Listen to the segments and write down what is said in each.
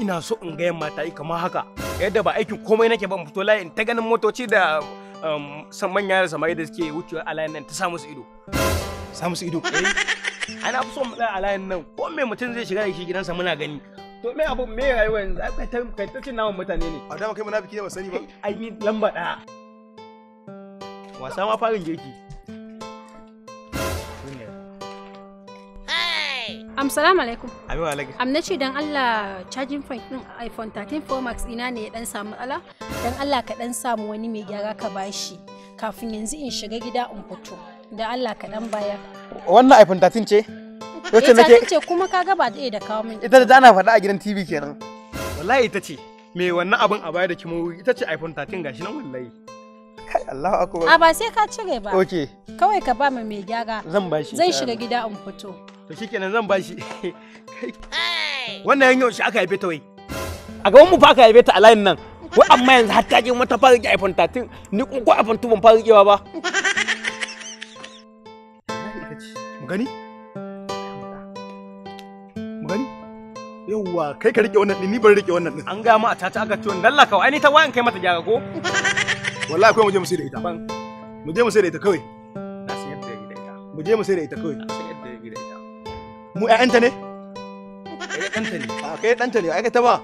ina so in ga mata yi kamar haka yadda ba aikin komai nake ba fito layi in ta ganin motoci da um, san manya da samari da suke wucewa a layin nan ta samu su ido samu su ido kai ana fi so mu tsaya a layin nan ko me mutum zai shiga da shi gidansa muna gani to me abu me rayuwa yanzu kai ta kai ta cin naman mutane ne a dama kai munafiki ne ba sani ba ai lamba daya wasa ma farin girki Amsalam alaikum. Ami wa alaikum. Amna ce dan Allah charging point din iPhone 13 Pro Max ina ne ya dan samu ala? Dan Allah ka dan samu wani mai gyara ka bashi kafin yanzu in shiga gida in fito. Dan Allah ka dan baya. Wannan iPhone 13 ce? Eh, Wacce nake? Ita ce kuma ka ga ba da da kawo min. Ita da ana faɗa a gidan TV kenan. Wallahi ita ce. Me wannan abin a baya da kimo ita ce iPhone 13 gashi nan wallahi. kai Allahu akbar. A ba sai ka cire ba. Okay. Kawai ka ba mu mai gyara. Zan bashi. Zan shiga gida in fito. to shi kenan zan bashi wannan yanyo shi aka haife ta wai a gaban mu fa aka haife ta a layin nan wai amma yanzu har ta je mata fara ki iPhone 13 ni kun ko iPhone 2 ban fara kiwa ba mu gani mu gani yawwa kai ka rike wannan din ni ban rike wannan din an ga mu a tata aka ciwon dalla kawai ai ni ta wayan kai mata gyara ko wallahi akwai mu je mu sai da ita mu je mu sai da ita kawai na sayar da ita mu je mu sai da ita kawai na sayar da ita mu ƴaƴanta ne ɗanta ne a ah, kai ɗanta ne ai ka ta ba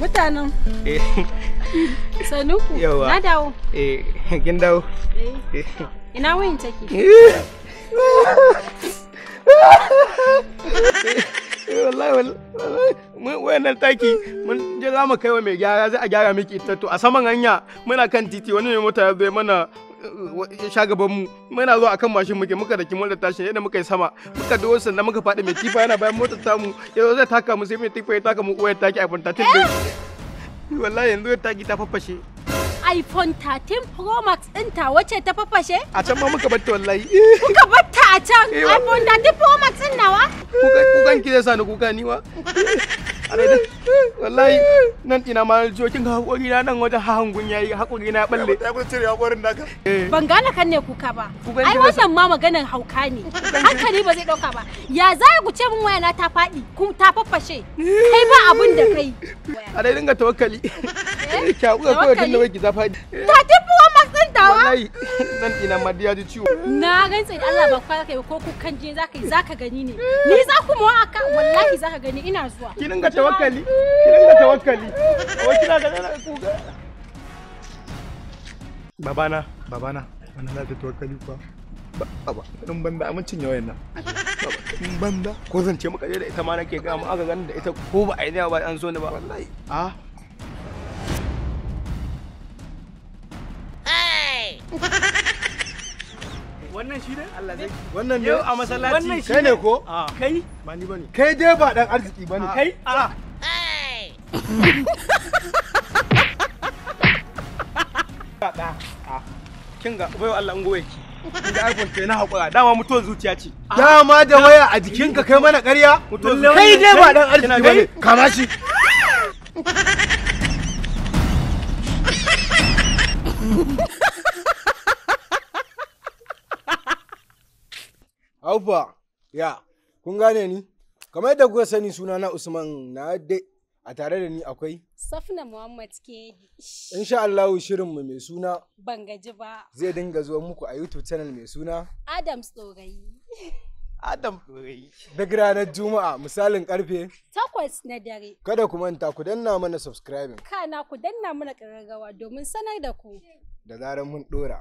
mutanen Sanu eh. sanuku na dawo eh kin dawo eh. ina wayin take wannan taki mun je za mu kai wa mai gyara za a gyara miki ita to a saman hanya muna kan titi wani mai mota ya zo mana sha gaban mu muna zuwa akan mashin muke muka da kimon da tashin yadda muka yi sama muka dawo sannan muka faɗi mai tifa yana bayan motar tamu yanzu zai taka mu sai mai tifa ya taka mu uwar taki a fanta tun wallahi yanzu ya taki ta faffashe iPhone 13 Pro Max ɗinta wacce ta fafashe? A can ma muka batta wallahi. Kuka batta a can? Eh iPhone 13 Pro Max ɗin nawa? Kukan ki zai sa ni kuka ni wa? wallahi nan ina ma jokin na nan wajen hangun yayi hakuri na balle ta kun cire hakurin naka ban gane kan ne kuka ba ai wannan ma hauka ne hankali ba zai ɗauka ba ya za ku ce min wayana ta faɗi? Ku ta faffashe kai ba abin da kai a dai dinga tawakkali ki kawai wai ki ta wallahi zan ina madiya ji ciwo na gantsa da Allah ba kwa kai ko kukan je zaka yi zaka gani ne ni za ku mu aka wallahi zaka gani ina zuwa ki dinga tawakkali ki dinga tawakkali wai kina ga ku babana babana wannan da tawakkali kuwa baba dan banda amincin yawan nan in banda ko zan ce maka da ita ma nake ga mu aka gani da ita ko ba a yi ba an so ne ba wallahi ah wannan shi ne Allah wannan ne a masallaci wannan shi ne ko ah. Ah. kai ba ni bane kai dai ba dan arziki bane ah. kai a kin ga bayo Allah ungoye ki iPhone na hakura dama mutuwar zuciya ce dama da waya a jikinka kai mana ƙarya kai dai ba dan arziki bane kama shi Ha ha ha! Aufa, ya, kun gane ni? Kamar yadda kuka sani suna na Usman na de a tare da ni akwai? Safna Muhammad Kedi. Insha shirin mu mai suna. Ban gaji ba. Zai dinga zuwa muku a YouTube channel mai suna. Adam Tsorayi. Adam Tsorayi. Duk ranar Juma'a misalin karfe. Takwas na dare. Kada ku manta ku danna mana subscribing. Kana ku danna mana ƙararrawa domin sanar da ku. Da zarar mun ɗora.